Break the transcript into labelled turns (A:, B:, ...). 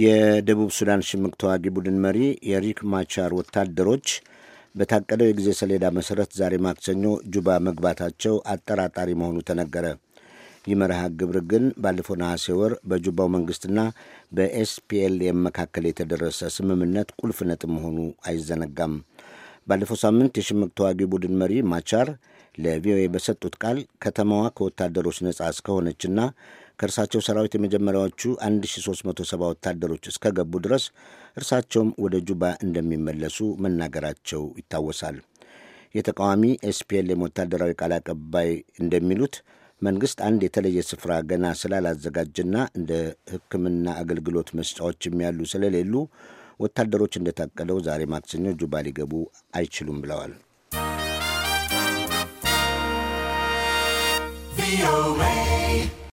A: የደቡብ ሱዳን ሽምቅ ተዋጊ ቡድን መሪ የሪክ ማቻር ወታደሮች በታቀደው የጊዜ ሰሌዳ መሠረት ዛሬ ማክሰኞ ጁባ መግባታቸው አጠራጣሪ መሆኑ ተነገረ። ይህ መርሃ ግብር ግን ባለፈው ነሐሴ ወር በጁባው መንግሥትና በኤስፒኤልኤም መካከል የተደረሰ ስምምነት ቁልፍ ነጥብ መሆኑ አይዘነጋም። ባለፈው ሳምንት የሽምቅ ተዋጊ ቡድን መሪ ማቻር ለቪኦኤ በሰጡት ቃል ከተማዋ ከወታደሮች ነጻ እስከሆነችና ከእርሳቸው ሰራዊት የመጀመሪያዎቹ 1370 ወታደሮች እስከገቡ ድረስ እርሳቸውም ወደ ጁባ እንደሚመለሱ መናገራቸው ይታወሳል። የተቃዋሚ ኤስፒኤልኤም ወታደራዊ ቃል አቀባይ እንደሚሉት መንግሥት አንድ የተለየ ስፍራ ገና ስላላዘጋጅና እንደ ሕክምና አገልግሎት መስጫዎችም ያሉ ስለሌሉ ወታደሮች እንደታቀደው ዛሬ ማክሰኞ ጁባ ሊገቡ አይችሉም
B: ብለዋል።